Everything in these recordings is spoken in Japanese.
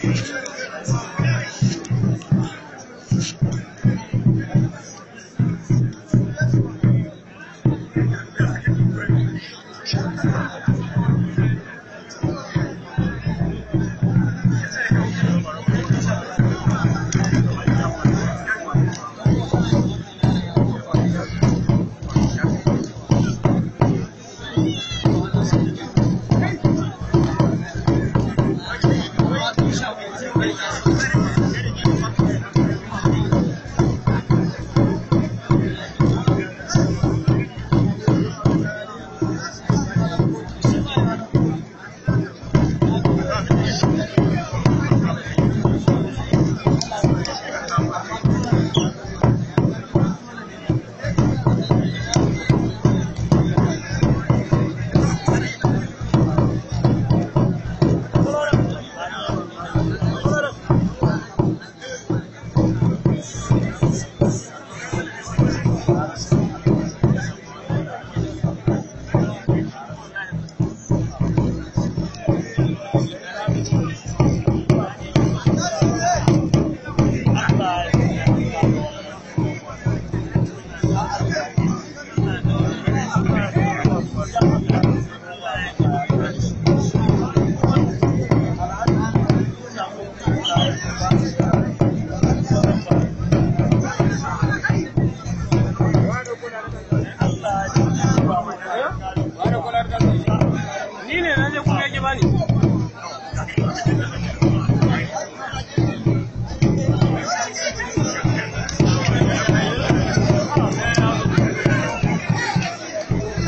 Thank you.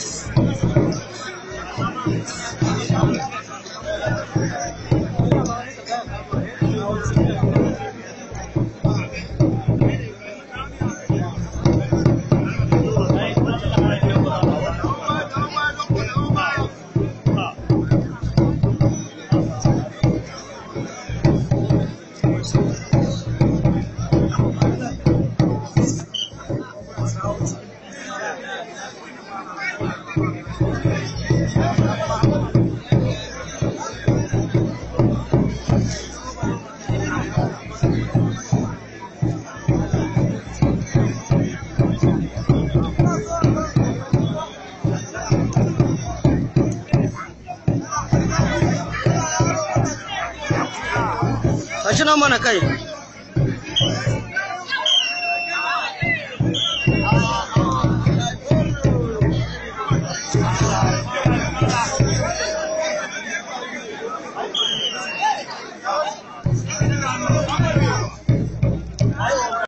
Gracias. Ano mana kai? Thank you.